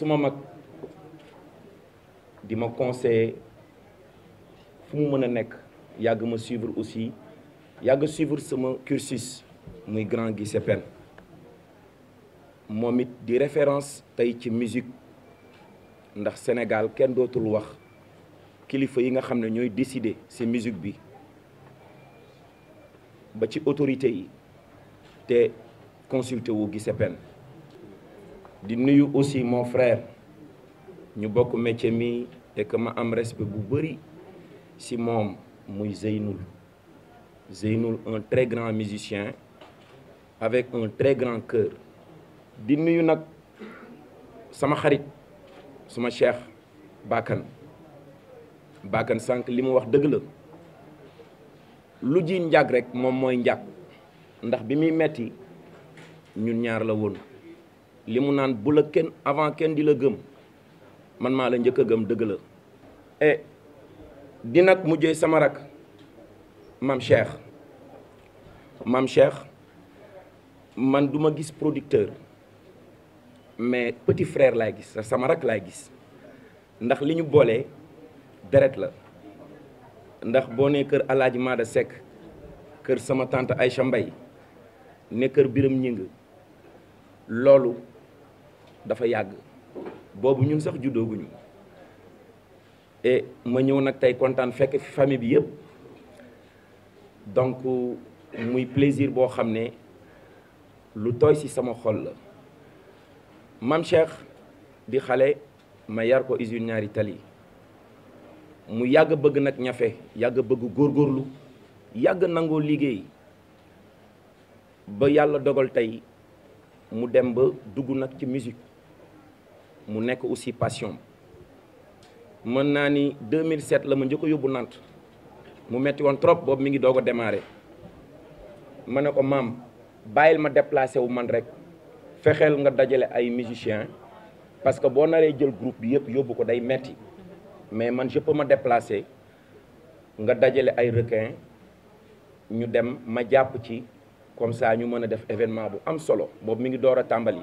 suma mag di ma conseiller fu mu mën a nekk ma suivre aussi yag suivre sama cursus muy grand Guy Sepène moom di référence tay ci musique ndax Sénégal kenn dotul wax kilifa yi nga xamné ñoy décider ces musique bi ba ci autorité yi té consulter wu Guy di nuyu aussi mon frère ñu bokk métier mi et que am respect bu bari un très grand musicien avec un très grand cœur di nuyu nak sama xarit suma cheikh veux dire. sank limu wax li mu naan bu la kenn avant kenn di la gëm man maa la njëkk gëm dëgg la e, di nag mujjee sama rak maam Cheikh mam Cheikh man duma gis producteur mais petit frère laay gis sama rak laay gis ndax li ñu boolee deret la ndax boo nee kër Alaaji Maada Seck kër sama tante Aïcha Mbaye ne kër Biram Ñing loolu dafa yàgg boobu ñun sax juddooguñu et ma ñëw nag tey kontaan fekk fi famille bi yëpp donc muy plaisir boo xam ne lu tooy ci sama xol la Mame Cheikh di xale ma yar ko usine ñaari tali mu yàgg bëgg nag ñafe yàgg bëgg góor góorlu yàgg nangoo liggéey ba yàlla dogal tey mu dem ba dugg nag ci musique mu nek aussi passion mën naa ni 2007 la ma ñëk a nante mu metti won trop bob mi ngi dogo démarrer mané ko mam bayil ma déplacé wu man rek fexel nga dajalé ay musiciens parce que bo naré jël groupe bi yëpp yóbbu ko day metti mais man je peux ma déplacer nga dajalé ay requins ñu dem ma japp ci comme ça ñu mëna def événement bu am solo Bob mi ngi doora tambali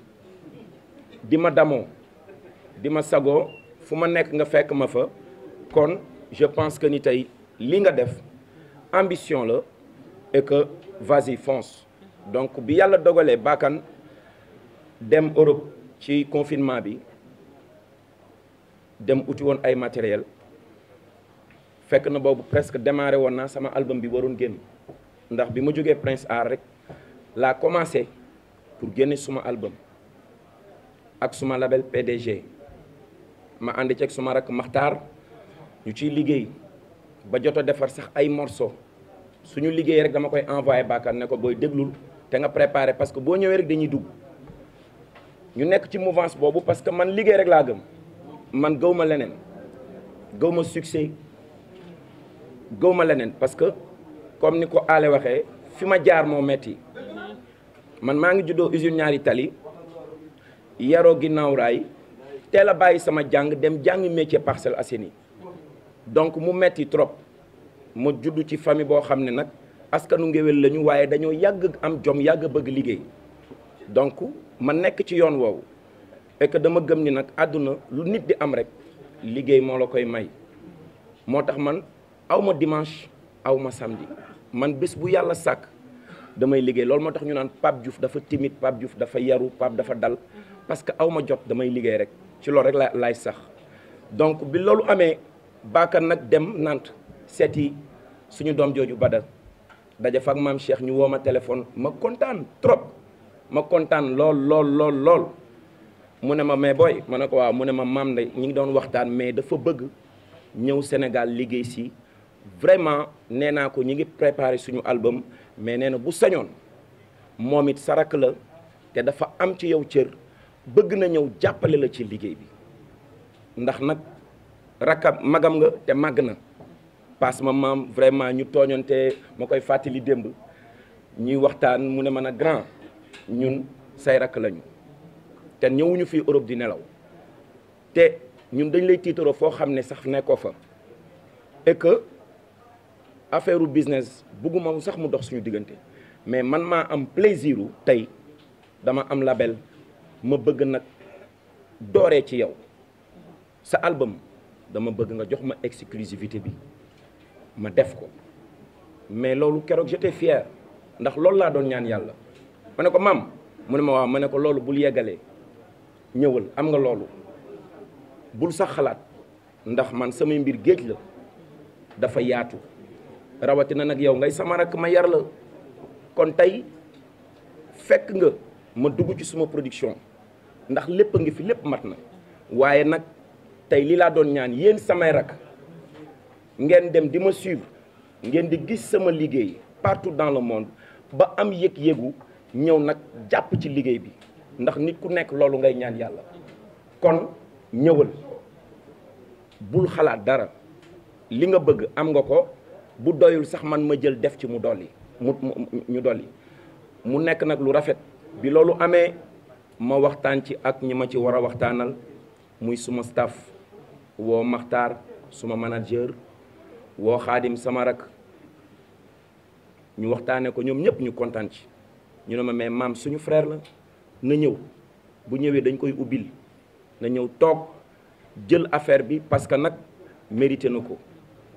di ma damoo di ma sagoo nga fek ma fa kon je pense que ni tay li nga def ambition la et que vas-y fonce donc bi yalla dogalee bakan dem Europe ci confinement bi dem uti won ay matériel fek na bobu presque démarré woon sama album bi waroon guen ndax bi ma Prince Art rek l'a commencé pour gagner suma album ak suma label PDG ma ànd ceeg suma rak Maxtaar ñu ciy liggéey ba jot a defar sax ay morceaux suñu liggéey rek dama koy envoyé Bakar ne ko booy déglul te nga préparé parce que boo ñëwee rek dañuy dugg ñu nekk ci mouvance boobu parce que man liggéey rek laa gëm man gaw ma leneen gaw succès gaw ma parce que comme ni ko Ale waxee fi ma jaar moo metti man maa ngi juddoo usine ñaari tali yaroo ginnaaw raay teel a bàyyi sama jàng dem jàngi métier Parcelles Assainies donc mu metti trop ma juddu ci famille boo xam ne nag askanu ngéwél lañu waaye dañoo yàgg am jom yàgg a bëgg liggéey donc ma nekk ci yoon woowu et que dama gëm ni nag àdduna lu nit di am rek liggéey moo la koy may moo tax man awma dimanche awma samedi man bés bu yàlla sàkk damay liggéey loolu moo tax ñu naan Pape Diouf dafa timide Pape Diouf dafa yaru Pape dafa dal parce que aw ma jot damay liggéey rek ci loolu rek la laay sax donc bi loolu amee baakan nag dem Nantes seeti suñu doom jooju Badal daje fa ak maam Cheikh ñu woo ma téléphone ma kontaan trop ma kontaan lool lool lool lool mu ne ma mais booy ma ne ko waaw mu ne ma maam nday ñu ngi doon waxtaan mais dafa bëgg ñëw Sénégal liggéey si vraiment nee naa ko ñi ngi préparé suñu album mais nee na bu sañoon moom it sa rakk la te dafa am ci yow cër bëgg na ñëw jàppale la ci liggéey bi ndax nag rakam magam nga te màgg na passe ma maam vraiment ñu tooñante ma koy fàttali démb ñuy waxtaan mu ne mën a grand ñun say rakk lañu te ñëwuñu fii Europe di nelaw te ñun dañ lay tiitaroo foo xam ne sax nekkoo fa et affaire business bugguma sax mu dox suñu diggante mais man maa am plaisir u tey dama am label ma bëgg nag dooree ci yow sa albam dama bëgg nga jox ma exclusivité bi ma def ko mais loolu keroog j'étais fier ndax loolu laa doon ñaan yàlla ma ne ko maam mu ne ma waaw ma ne ko loolu bul yeggalee ñëwal am nga loolu bul sax xalaat ndax man samay mbir géej la dafa yaatu rawatina nag yow ngay sama rakk ma yar la kon tey fekk nga ma dugg ci suma production ndax lépp a ngi fi lépp mat na waaye nag tey li laa doon ñaan yéen samay rakk ngeen dem di ma suivre ngeen di gis sama liggéey partout dans le monde ba am yëg-yëgu ñëw nag jàpp ci liggéey bi ndax nit ku nekk loolu ngay ñaan yàlla kon ñëwal bul xalaat dara li nga bëgg am nga ko bu doyul sax man ma jël def ci mu dolli mu ñu dolli mu nekk nag lu rafet bi loolu amee ma waxtaan ci ak ñi ma ci war a waxtaanal muy suma staff woo Maxtaar suma manager woo Xaadim sama rak ñu waxtaanee ko ñoom ñëpp ñu kontaan ci ñu ne ma mais maam suñu frère la na ñëw bu ñëwee dañ koy ubbil na ñëw toog jël affaire bi parce que nag mérité na ko.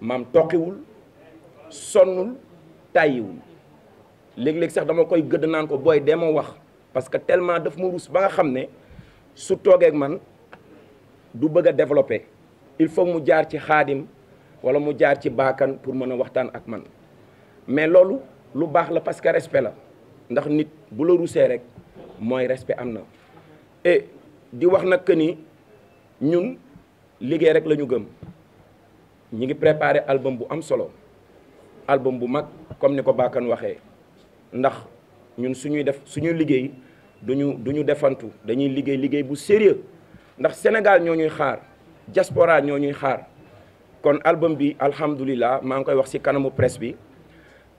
maam toqiwul sonnul tàyyiwul léeg-léeg sax dama koy gëdd naan ko booy dee ma wax parce que tellement daf ma ruus ba nga xam ne su toogeek man du bëgg a développer il faut mu jaar ci xaadim wala mu jaar ci baakan pour mën a waxtaan ak man mais loolu lu baax la parce que respect la ndax nit bu la ruusee rek mooy respe am na et di wax nag que ni ñun liggéey rek la ñu gëm ñi ngi préparé album bu am solo album bu mag comme ni ko Bakane waxee ndax ñun suñuy def suñu liggéey duñu duñu defantu dañuy liggéey liggéey bu sérieux ndax Sénégal ñoo ñuy xaar diaspora ñoo ñuy xaar kon album bi alhamdulillah maa ngi koy wax ci kanamu presse bi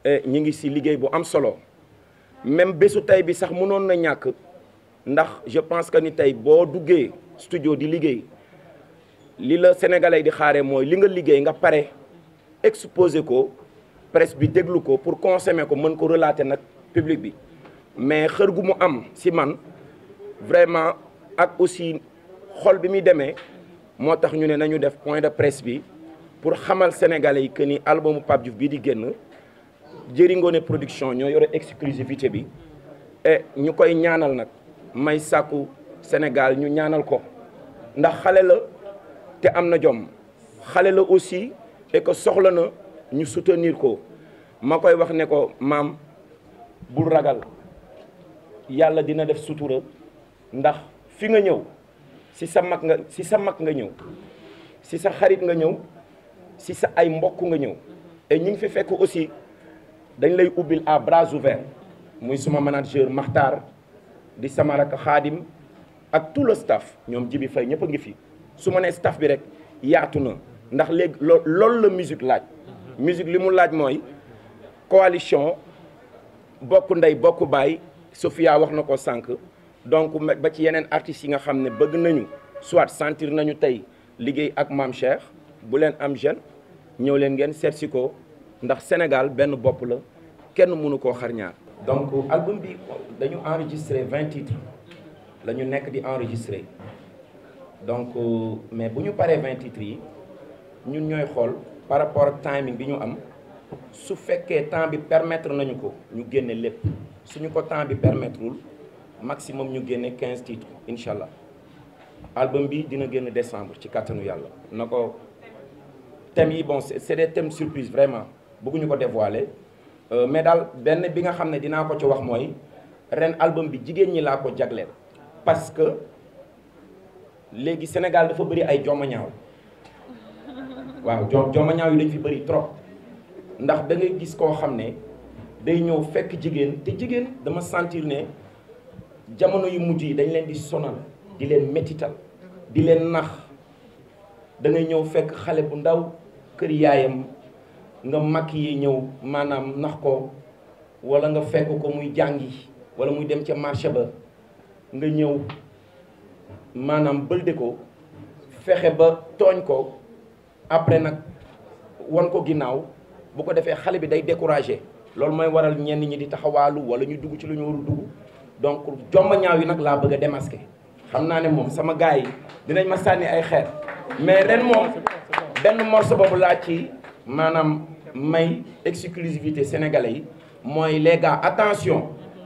eh, ñu ngi si liggéey bu am solo même bésu tey bi sax munoon na ñàkk ndax je pense que ni tey boo duggee studio di liggéey li la sénégalais di xaare mooy li nga liggéey nga pare exposé ko presse bi déglu ko pour consommer ko mën ko relater nag public bi mais xër gu mu am si man vraiment ak aussi xol bi muy demee moo tax ñu ne nañu def point de presse bi pour xamal sénégalais yi que ni albumu Pape Diouf bii di génn Jëri ngoone production ñoo yore exclusivité bi et ñu koy ñaanal nag may sàkku Sénégal ñu ñaanal ko ndax xale la te amna jom xalé la aussi et que soxla na ñu soutenir ko ma wax ne ko mam bu ragal yalla dina def sutura ndax fi nga ñew si sa mak nga si sa mak nga ñew si sa xarit nga ñew si sa ay mbokk nga ñew et ñing fi fekk aussi dañ lay ubil à bras ouverts muy suma manager Maxtaar di sama khadim ak tout le staff ñom Jibi Fay ñepp nga fi su ma un staff bi ndax la musique laaj musique la coalition beaucoup ndey a Sofia wax na donc ba ci artistes yi nga soit sentir nañu tay liguey ak mam Cheikh bu len am jeune ñew len Sénégal ben la kenn mënu donc enregistré 20 titres la di enregistré donc, euh, mais si nous parlons de 23, nous nous sommes par rapport au timing que nous avons, si le temps permet de nous gagner tout, si nous avons le temps de permet, maximum nous gagner 15 titres, Inch'Allah. L'album dina en décembre, le 4 novembre. Donc, c'est bon, des thèmes surprises, vraiment. Beaucoup nous dévoiler. Euh, mais dans ben bi nga xamné dina ko ci wax moy album bi jigéen ñi la ko parce que léegi Sénégal dafa bari ay jomma waaw jo jomma ñaaw dañ fi bari trop ndax dangay gis koo xam ne day ñëw fekk jigéen te jigéen dama sentir ne jamono yu mujj yi dañ leen di sonal di leen mettital di leen nax da ñëw fekk xale bu ndaw kër yaayam nga màkk yi ñëw maanaam nax ko wala nga fekk ko muy jàngi wala muy dem ca marché ba nga ñëw maanaam bëlde ko fexe ba tooñ ko après nag wan ko ginnaaw bu ko defee xale bi day découragé loolu mooy waral ñenn ñi di taxawaalu wala ñu dugg ci lu ñu warul dugg donc jomba ñaaw yi nag laa bëgg a xam naa ne moom sama gars yi dinañ ma sànni ay xeer mais ren moom benn morceau boobu laa ci maanaam may exclusivité sénégalais yi mooy les gars attention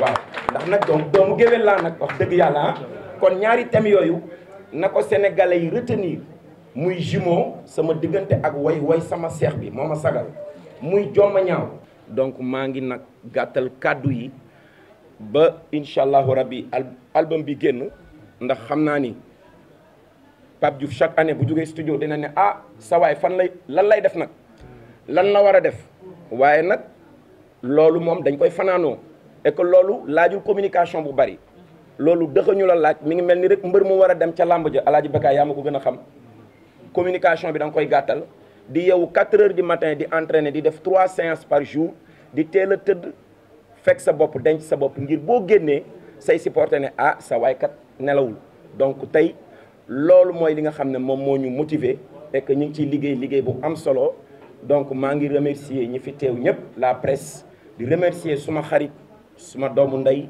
waaw ndax nag doom doomu géwél laa nag wax dëgg yàlla ah. kon ñaari thèmes yooyu na ko sénégalais yi retenir muy jumeau sama diggante ak woy woy sama seex bi moo ma sagal muy jomma ñaaw donc maa ngi nag gàttal kàddu yi ba incha allahu rabbi album bi génn ndax xam naa ni Pape Diouf chaque année bu jógee studio dina ne ah sa waay fan lay lan lay def nag lan la war a def waaye nag loolu moom dañ koy fanaanoo et que loolu laajul communication bu bari loolu dëxañu la laaj mi ngi melni rek mbeur mu wara dem ci làmb ja alaaji Bakay yaa ko gëna xam communication bi dang koy gattal di yow 4 h du matin di entraîner di def 3 séances par jour di teel teud tëdd fekk sa bop denc sa bop ngir bo génné say supporter né ah sa way kat nelawul donc tay loolu moy li nga xam ne moom moo ñu motiver et que ñu ci ciy liggéey liggéey bu am solo donc ma ngi remercier ñi fi teew ñep la presse di remercier suma xarit. suma doomu ndey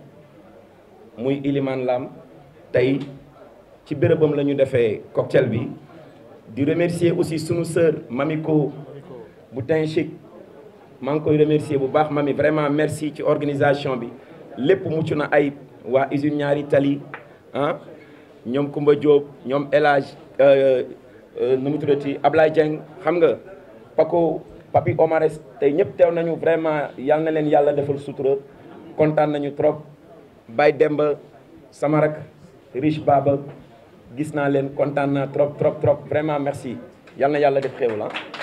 muy Iliman Lam tey ci bérébam la ñu defee cocktail bi di remercier aussi sunu sœur Mamiko bu Tain Chic maa ngi koy remercier bu baax mami vraiment merci ci organisation bi lépp mucc na ay waa usine ñaari tali ah ñoom Kumba Diop ñoom El Hadj euh, euh, nu mu tuddati Ablaye Dieng xam nga Paco Papi Omares tey ñëpp teew nañu vraiment yal na leen yàlla defal sutura kontaan nañu trop Baye Demba sama rak riche baba gis naa leen kontaan naa trop trop trop vraiment merci yal na yàlla def réew la ah.